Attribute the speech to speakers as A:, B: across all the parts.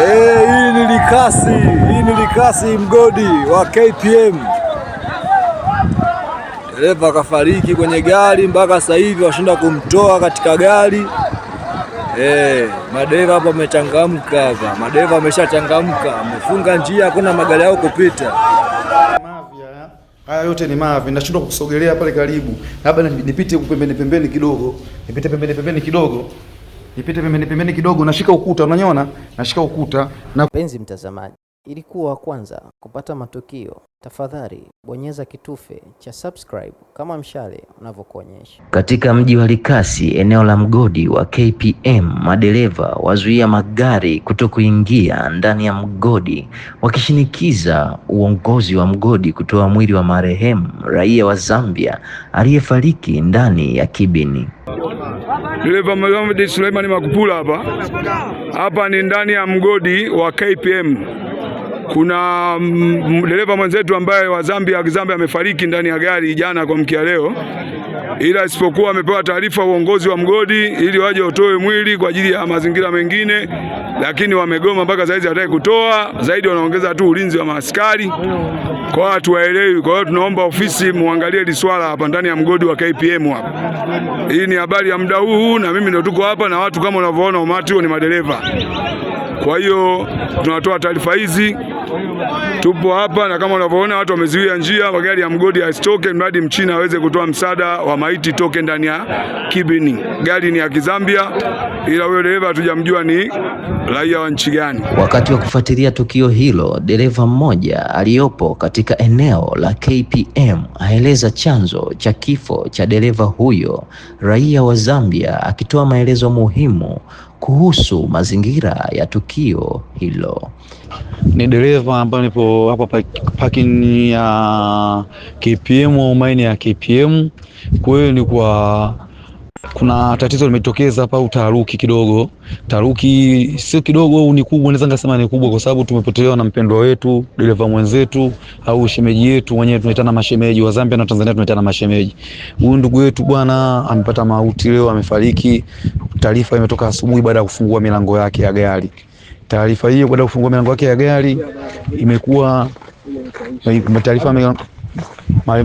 A: Eh, hii ni Likasi, hii ni Likasi mgodi wa KPM. Dereva kafariki kwenye gari, mpaka sasa hivi washinda kumtoa katika gari. Eh, madereva hapa wamechangamka hapa, madereva wameshachangamka, amefunga njia, hakuna magari yao kupita.
B: Haya yote ni mavi, nashindwa kukusogelea pale karibu, labda nipite pembeni pembeni kidogo, nipite pembeni pembeni kidogo nipite pembeni pembeni kidogo, nashika ukuta, unanyona, nashika ukuta.
C: Na mpenzi mtazamaji, ili kuwa wa kwanza kupata matukio, tafadhali bonyeza kitufe cha subscribe kama mshale unavyokuonyesha.
D: Katika mji wa Likasi eneo la mgodi wa KPM, madereva wazuia magari kutokuingia ndani ya mgodi wakishinikiza uongozi wa mgodi kutoa mwili wa marehemu raia wa Zambia aliyefariki ndani ya kibini
B: pamoja na Suleiman Makupula hapa hapa ni ndani ya mgodi wa KPM. Kuna mm, dereva mwenzetu ambaye wa Zambia Zambia amefariki ndani ya gari jana kwa mkia leo ila isipokuwa amepewa taarifa uongozi wa mgodi ili waje watoe mwili kwa ajili ya mazingira mengine, lakini wamegoma mpaka saizi, hataki kutoa zaidi, wanaongeza tu ulinzi wa maaskari kwa watu waelewi. Kwa hiyo tunaomba ofisi muangalie hili swala hapa ndani ya mgodi wa KPM hapa. Hii ni habari ya muda huu, na mimi ndio tuko hapa na watu kama unavyoona, umati huo ni madereva. Kwa hiyo tunatoa taarifa hizi tupo hapa na kama unavyoona watu wamezuia njia, magari ya mgodi yasitoke, mradi mchina aweze kutoa msaada wa maiti toke ndani ya kibini. Gari ni ya Kizambia, ila huyo dereva hatujamjua ni raia wa nchi gani.
D: Wakati wa kufuatilia tukio hilo, dereva mmoja aliyopo katika eneo la KPM aeleza chanzo cha kifo cha dereva huyo, raia wa Zambia, akitoa maelezo muhimu kuhusu mazingira ya tukio hilo.
E: Ni dereva ambayo nipo hapa parking ya KPM au maini ya KPM, kwa hiyo ni kwa kuna tatizo limetokeza hapa au taharuki kidogo. Taharuki sio kidogo au ni kubwa, naweza ngasema ni kubwa, kwa sababu tumepotelewa na mpendwa wetu, dereva mwenzetu au shemeji yetu, wenyewe tunaitana mashemeji wa Zambia na Tanzania tunaitana mashemeji. Huyu ndugu yetu bwana amepata mauti leo, amefariki. Taarifa imetoka asubuhi baada ya kufungua milango yake ya gari. Taarifa hiyo baada ya kufungua milango yake ya gari imekuwa taarifa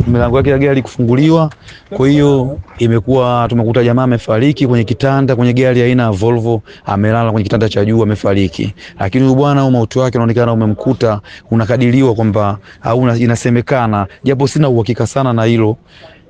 E: milango yake ya gari kufunguliwa. Kwa hiyo imekuwa tumekuta jamaa amefariki kwenye kitanda kwenye gari aina ya Volvo, amelala kwenye kitanda cha juu amefariki. Lakini huyu bwana au mauti wake unaonekana umemkuta, unakadiriwa kwamba au inasemekana, japo sina uhakika sana na hilo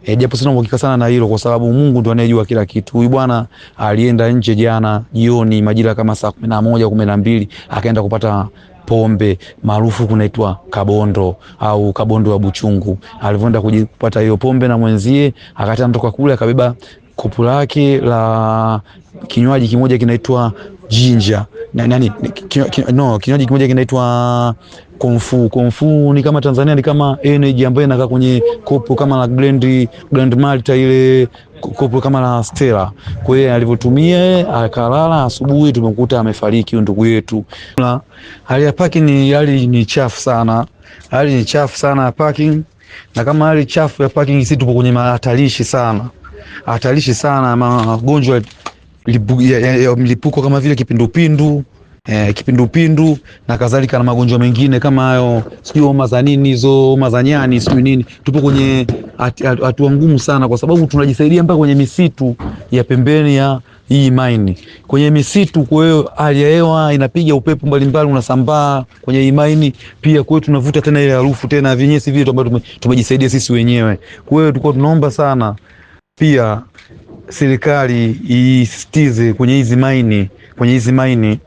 E: E, japo sina uhakika sana na hilo kwa sababu Mungu ndo anayejua kila kitu. Huyu bwana alienda nje jana jioni majira kama saa kumi na moja kumi na mbili akaenda kupata pombe maarufu kunaitwa kabondo au kabondo wa Buchungu. Alivyoenda kupata hiyo pombe na mwenzie, akati anatoka kule akabeba kopo lake la kinywaji kimoja kinaitwa jinja na, nani kinyo, kinyo, no kinywaji kimoja kinaitwa konfu. Konfu ni kama Tanzania ni kama energy ambayo inakaa kwenye kopo kama la Grand Grand Malta ile kopo kama la Stella. Kwa hiyo alivyotumia akalala, asubuhi tumekuta amefariki ndugu yetu. Hali ya parking ni hali ni chafu sana, hali ni chafu sana ya parking, na kama hali chafu ya parking, sisi tupo kwenye hatarishi sana, hatarishi sana magonjwa ya mlipuko kama vile kipindupindu eh, kipindupindu na kadhalika na magonjwa mengine kama hayo, sijui homa za nini hizo, homa za nyani sijui nini. Tupo kwenye hatua ngumu sana, kwa sababu tunajisaidia mpaka kwenye misitu ya pembeni ya hii maini, kwenye misitu. Kwa hiyo hali ya hewa inapiga upepo mbalimbali unasambaa kwenye hii maini pia, kwa hiyo tunavuta tena ile harufu tena vinyesi vile ambavyo tumejisaidia sisi wenyewe. Kwa hiyo tulikuwa tunaomba sana pia serikali isisitize kwenye hizi maini, kwenye hizi maini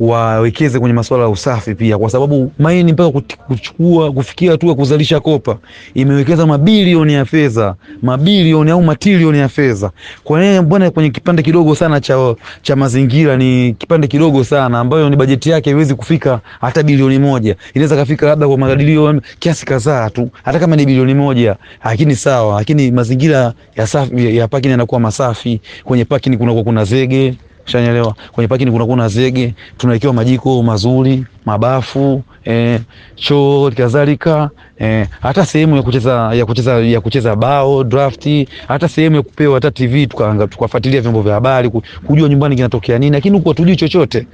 E: wawekeze kwenye masuala ya usafi pia, kwa sababu maini mpaka kuchukua kufikia hatua kuzalisha kopa imewekeza mabilioni ya fedha, mabilioni au matilioni ya fedha. Kwa nini mbona kwenye kipande kidogo sana cha, cha mazingira ni kipande kidogo sana ambayo ni bajeti yake haiwezi kufika hata bilioni moja, inaweza kafika labda kwa makadirio kiasi kadhaa tu, hata kama ni bilioni moja, lakini sawa, lakini mazingira ya safi ya parking yanakuwa masafi. Kwenye parking kuna kuna zege Ushanielewa? Kwenye parking kuna kuna zege, tunawekewa majiko mazuri, mabafu, eh, choo kadhalika, eh, hata sehemu ya kucheza ya kucheza ya kucheza bao, draft hata sehemu ya kupewa hata TV tukaanga tukafuatilia vyombo vya habari kujua nyumbani kinatokea nini, lakini huko hatujui chochote.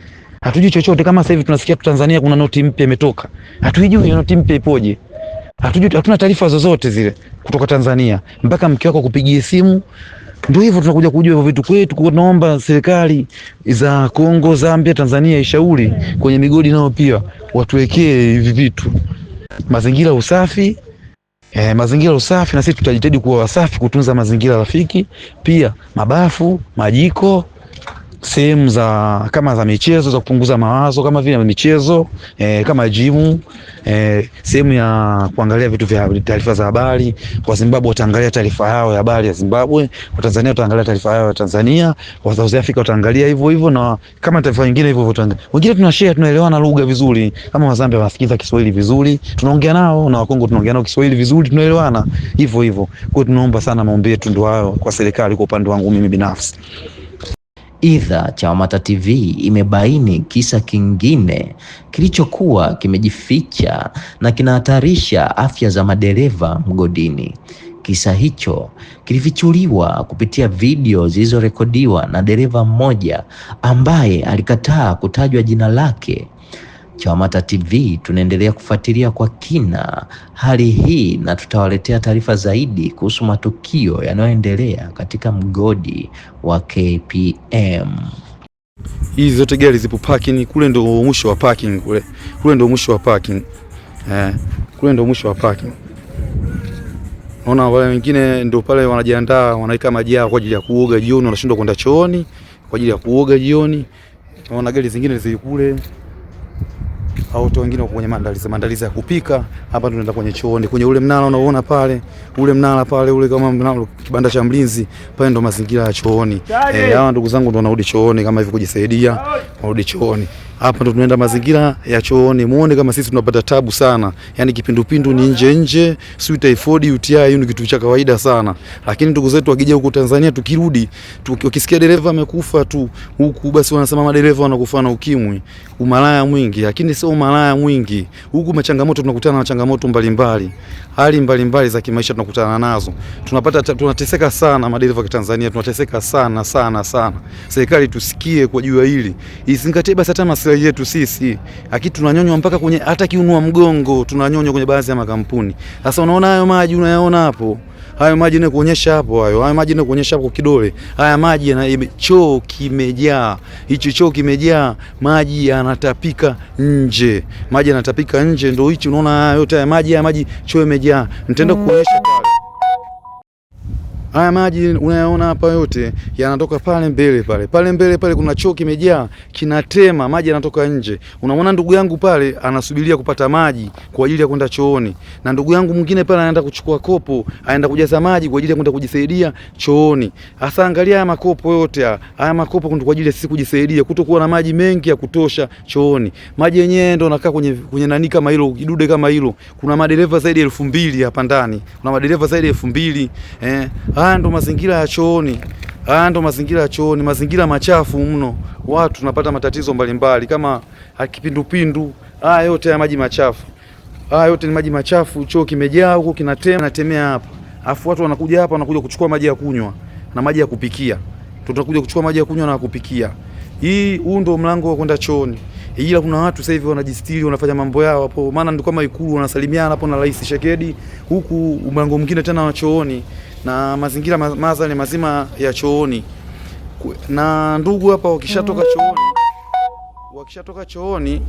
E: Hatujui chochote kama sasa hivi tunasikia tu Tanzania kuna noti mpya imetoka. Hatujui hiyo noti mpya ipoje. Hatujui hatuna taarifa zozote zile kutoka Tanzania mpaka mke wako kupigie simu ndio hivyo tunakuja kujua hivyo vitu kwetu. Tunaomba serikali za Kongo, Zambia, Tanzania ishauri kwenye migodi nao pia watuwekee hivi vitu, mazingira usafi eh, mazingira usafi, na sisi tutajitahidi kuwa wasafi, kutunza mazingira rafiki, pia mabafu, majiko sehemu za kama za michezo za kupunguza mawazo kama vile michezo e, kama jimu e, eh, sehemu ya kuangalia vitu vya taarifa za habari. Kwa Zimbabwe utaangalia taarifa yao ya habari ya Zimbabwe, kwa Tanzania utaangalia taarifa yao ya Tanzania, kwa South Africa utaangalia hivyo hivyo, na kama taifa nyingine hivyo hivyo. Wengine tuna share, tunaelewana lugha vizuri, kama Wazambia wanasikiza Kiswahili vizuri, tunaongea nao na Wakongo tunaongea nao Kiswahili vizuri, tunaelewana hivyo hivyo. Kwa hiyo tunaomba sana, maombi yetu ndio hayo kwa serikali, kwa upande wangu mimi binafsi
D: cha Chawamata TV imebaini kisa kingine kilichokuwa kimejificha na kinahatarisha afya za madereva mgodini. Kisa hicho kilifichuliwa kupitia video zilizorekodiwa na dereva mmoja ambaye alikataa kutajwa jina lake CHAWAMATA TV tunaendelea kufuatilia kwa kina hali hii na tutawaletea taarifa zaidi kuhusu matukio yanayoendelea katika mgodi wa KPM.
E: Hizi zote gari zipo parking kule, ndo mwisho wa parking kule, kule ndo mwisho wa parking eh, kule ndo mwisho wa parking. Naona wale wengine ndo pale wanajiandaa, wanaweka maji yao kwa ajili ya kuoga jioni, wanashindwa kwenda chooni kwa ajili ya kuoga jioni. Naona gari zingine zile kule au watu wengine wako kwenye maandalizi maandalizi ya kupika. Hapa tunaenda kwenye chooni, kwenye ule mnara unaoona pale, ule mnara pale, ule kama mnara kibanda cha mlinzi pale, ndo mazingira ya chooni. Eh, hawa ndugu zangu ndo wanarudi chooni kama hivi kujisaidia, warudi chooni hapa ndo tunaenda mazingira ya chooni, muone kama sisi tunapata tabu sana, yani kipindupindu ni nje nje, sio typhoid, UTI hiyo ni kitu cha kawaida sana. Lakini ndugu zetu wakija huko Tanzania, tukirudi tukisikia dereva amekufa tu huku, basi wanasema madereva wanakufa na ukimwi, umalaya mwingi. Lakini sio umalaya mwingi, huku machangamoto tunakutana na changamoto mbalimbali, hali mbalimbali za kimaisha tunakutana nazo, tunapata tunateseka sana, madereva wa Tanzania tunateseka sana sana sana. Serikali tusikie kwa juu ya hili, isingatie basi hata maslahi yetu sisi, lakini tunanyonywa mpaka kwenye hata kiunua mgongo tunanyonywa kwenye baadhi ya makampuni. Sasa unaona hayo maji unayaona hapo, hayo maji ni kuonyesha hapo, hayo hayo maji ni kuonyesha hapo kidole, haya maji na choo kimejaa, hichi choo kimejaa, maji yanatapika nje, maji yanatapika nje, ndio hichi unaona yote haya maji, haya maji choo imejaa, nitaenda kuonyesha pale Haya maji unayaona hapa yote yanatoka pale mbele pale. Pale mbele pale kuna choo kimejaa, kinatema maji yanatoka nje. Unamwona ndugu yangu pale anasubiria kupata maji kwa ajili ya kwenda chooni. Na ndugu yangu mwingine pale anaenda kuchukua kopo, anaenda kujaza maji kwa ajili ya kwenda kujisaidia chooni. Hasa angalia haya makopo yote haya. Haya makopo kwa ajili ya sisi kujisaidia, kutokuwa na maji mengi ya kutosha chooni. Maji yenyewe ndio nakaa kwenye kwenye nani kama hilo, kidude kama hilo. Kuna madereva zaidi ya 2000 hapa ndani. Kuna madereva zaidi ya 2000. Eh. Haya ndo mazingira ya chooni, haya ndo mazingira ya chooni, mazingira machafu mno. Watu tunapata matatizo mbalimbali kama kipindupindu. Haya yote ya maji machafu, haya yote ni maji machafu. Choo kimejaa huko, kinatema kinatemea hapa, afu watu wanakuja hapa wanakuja kuchukua maji ya kunywa na maji ya kupikia. Tutakuja kuchukua maji ya kunywa na kupikia. Hii huu ndo mlango wa kwenda chooni, ila kuna watu sasa hivi wanajistiri, wanafanya mambo yao hapo, maana ndio kama Ikulu wanasalimiana hapo na Rais Shekedi, huku mlango mwingine tena wa chooni na mazingira maza ni mazima ya chooni. Na ndugu hapa wakishatoka mm. chooni, wakishatoka chooni,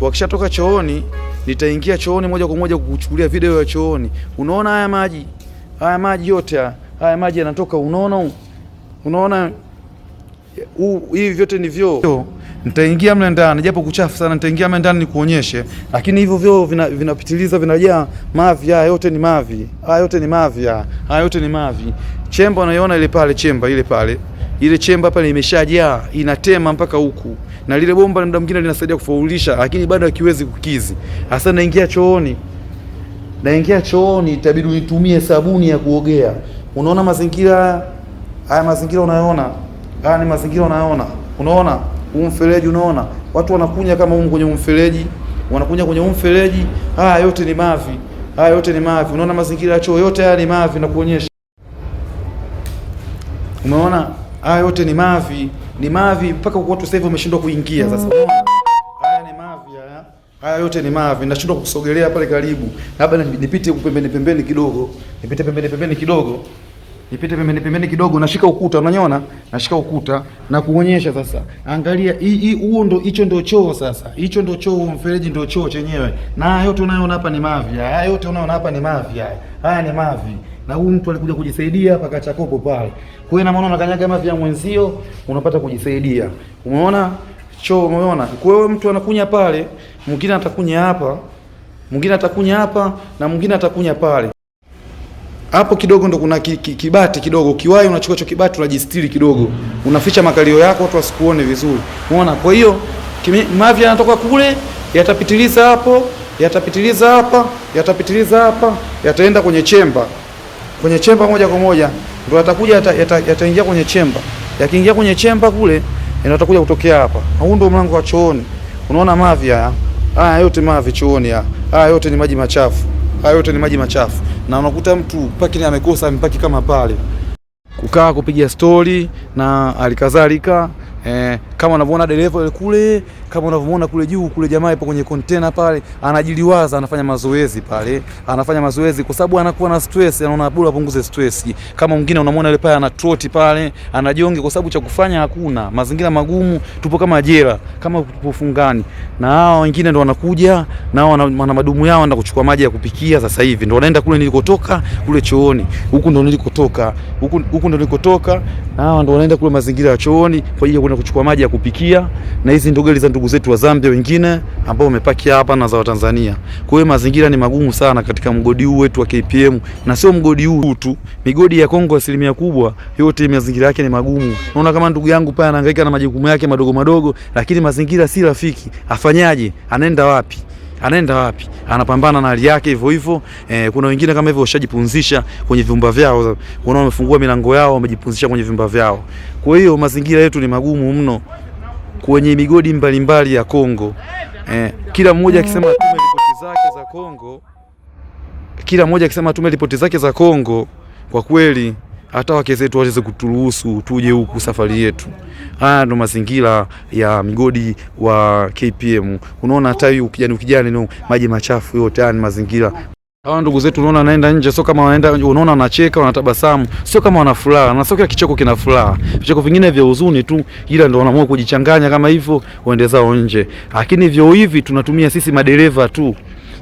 E: wakishatoka chooni, nitaingia chooni moja kwa moja kukuchukulia video ya chooni. Unaona haya maji, haya maji yote haya maji yanatoka, unaona, unaona hivi vyote ni vyoo nitaingia mle ndani, japo kuchafu sana, nitaingia mle ndani nikuonyeshe. Lakini hivyo vyoo vinapitiliza, vina vinajaa mavi. Haya yote ni mavi, haya yote ni mavi, haya yote ni mavi. Chemba unaiona ile pale, chemba ile pale, ile chemba pale imeshajaa, inatema mpaka huku, na lile bomba muda mwingine linasaidia kufaulisha, lakini bado hakiwezi kukizi. Hasa naingia chooni, naingia chooni, itabidi nitumie sabuni ya kuogea. Unaona mazingira haya, mazingira unayoona haya ni mazingira unayoona, unaona huu mfereji unaona watu wanakunya kama huko kwenye mfereji, wanakunya kwenye huu mfereji. Haya yote ni mavi, haya yote ni mavi. Unaona mazingira ya choo yote haya ni mavi, na kuonyesha, umeona, haya yote ni mavi, ni mavi mpaka kwa watu sasa hivi wameshindwa kuingia. Sasa mm. haya ni mavi, haya haya yote ni mavi. Nashindwa kusogelea pale karibu, labda nipite pembeni pembeni kidogo, nipite pembeni pembeni kidogo nipite pembeni pembeni kidogo, nashika ukuta, unanyona, nashika ukuta na kuonyesha sasa. Angalia hii, huo ndo, hicho ndo choo sasa, hicho ndo choo, mfereji ndo choo chenyewe, na haya yote unayoona hapa ni mavi. Haya yote unayoona hapa ni mavi, haya haya ni mavi, na huyu mtu alikuja kujisaidia hapa, kacha kopo pale. Kwa hiyo na maana unakanyaga mavi ya mwenzio, unapata kujisaidia. Umeona choo, umeona? Kwa hiyo mtu anakunya pale, mwingine atakunya hapa, mwingine atakunya hapa, na mwingine atakunya pale hapo kidogo ndo kuna kibati kidogo, kiwai, unachukua hicho kibati unajistiri kidogo, unaficha makalio yako watu wasikuone vizuri, unaona. Kwa hiyo mavi yanatoka kule, yatapitiliza hapo, yatapitiliza hapa, yatapitiliza hapa, yataenda kwenye chemba, kwenye chemba moja kwa moja ndo yatakuja, yataingia yata, yata kwenye chemba, yakiingia kwenye chemba kule yanatakuja kutokea hapa. Huu ndo mlango wa chooni, unaona mavi haya haya yote, mavi chooni haya yote ni maji machafu, haya yote ni maji machafu na unakuta mtu paki amekosa, mpaki kama pale, kukaa kupiga stori na alikadhalika. Eh, kama unavyoona dereva yule kule, kama unavyomuona kule juu kule, jamaa yupo kwenye container pale, anajiliwaza, anafanya mazoezi pale, anafanya mazoezi kwa sababu anakuwa na stress, anaona bora apunguze stress. Kama mwingine unamwona yule pale ana trot pale, anajionge kwa sababu cha kufanya hakuna, mazingira magumu, tupo kama jela, kama tupo fungani. Na hao wengine ndo wanakuja nao wana madumu yao, wanaenda kuchukua maji ya kupikia. Sasa hivi ndo wanaenda kule nilikotoka, kule chooni huku ndo nilikotoka, huku huku ndo nilikotoka, na hao ndo wanaenda kule mazingira ya chooni kwa ajili ya tunaenda kuchukua maji ya kupikia na hizi ndogeli za ndugu zetu wa Zambia wengine ambao wamepakia hapa na za Tanzania. Kwa hiyo mazingira ni magumu sana katika mgodi huu wetu wa KPM, na sio mgodi huu tu, migodi ya Kongo asilimia kubwa yote mazingira yake ni magumu. naona kama ndugu yangu pale anahangaika na majukumu yake madogo madogo, lakini mazingira si rafiki. Afanyaje? Anaenda wapi? anaenda wapi? Anapambana na hali yake hivyo hivyo. E, kuna wengine kama hivyo washajipunzisha kwenye vyumba vyao, kuna wamefungua milango yao wamejipunzisha kwenye vyumba vyao. Kwa hiyo mazingira yetu ni magumu mno kwenye migodi mbalimbali ya Kongo. E, kila mmoja akisema tume ripoti zake za Kongo, kila mmoja akisema tume ripoti zake za Kongo, kwa kweli hata wake zetu waweze kuturuhusu tuje huku safari yetu. Haya ndo mazingira ya migodi wa KPM. Unaona hata hiyo ukijani ukijani no, maji machafu yote haya ni mazingira. Hawa ndugu zetu unaona anaenda nje, sio kama wanaenda, unaona anacheka, wanatabasamu, sio kama wana furaha, na sio kila kicheko kina furaha, vicheko vingine vya huzuni tu, ila ndio wanaamua kujichanganya kama hivyo, waende zao nje. Lakini vyo hivi tunatumia sisi madereva tu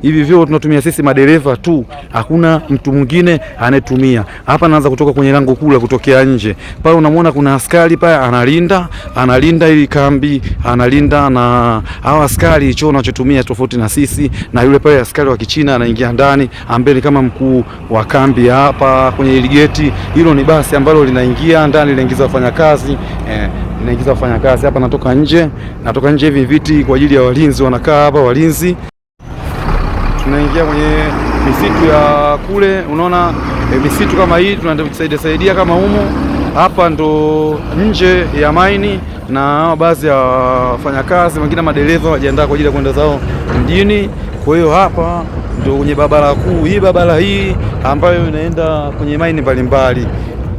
E: hivi vyoo tunatumia sisi madereva tu, hakuna mtu mwingine anayetumia hapa. Naanza kutoka kwenye lango kuu la kutokea nje pale, unamwona kuna askari pale analinda, analinda ili kambi analinda, na hawa askari choo unachotumia tofauti na sisi, na yule pale askari wa Kichina anaingia ndani, ambaye ni kama mkuu wa kambi hapa kwenye ile geti. Hilo ni basi ambalo linaingia ndani, linaingiza wafanyakazi eh, naingiza wafanyakazi hapa. Natoka nje, natoka nje. Hivi viti kwa ajili ya walinzi wanakaa hapa walinzi tunaingia kwenye misitu ya kule, unaona e, misitu kama hii tunajisaidia saidia kama humu hapa ndo nje ya maini, na baadhi ya wafanyakazi wengine madereva wajiandaa kwa ajili ya kwenda zao mjini. Kwa hiyo hapa ndo kwenye barabara kuu hii, barabara hii ambayo inaenda kwenye maini mbalimbali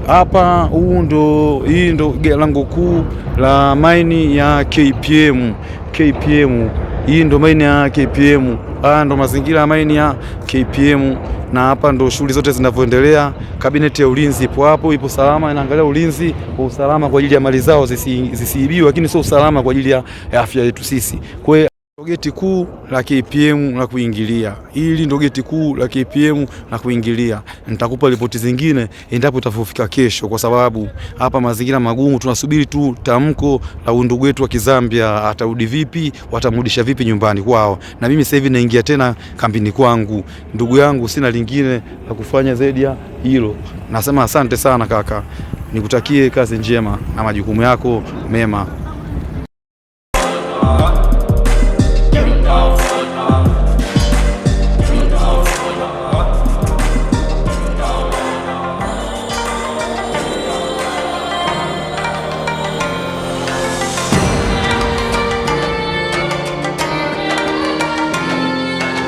E: hapa huu ndo hii ndo lango kuu la maini ya KPM. KPM hii ndo maini ya KPM. Haya ah, ndo mazingira ya maini ya KPM na hapa ndo shughuli zote zinavyoendelea. Kabineti ya ulinzi ipo hapo, ipo salama, inaangalia ulinzi kwa usalama kwa ajili ya mali zao zisiibiwe, zisi lakini sio usalama kwa ajili ya afya yetu sisi. Kwe, ndogeti geti kuu la KPM la kuingilia. Hili ndo geti kuu la KPM la kuingilia. Nitakupa ripoti zingine endapo utafika kesho, kwa sababu hapa mazingira magumu. Tunasubiri tu tamko la ndugu wetu wa Kizambia, atarudi vipi, watamrudisha vipi nyumbani kwao. Na mimi sasa hivi naingia tena kambini kwangu, ndugu yangu, sina lingine la kufanya zaidi ya hilo. Nasema asante sana kaka, nikutakie kazi njema na majukumu yako mema.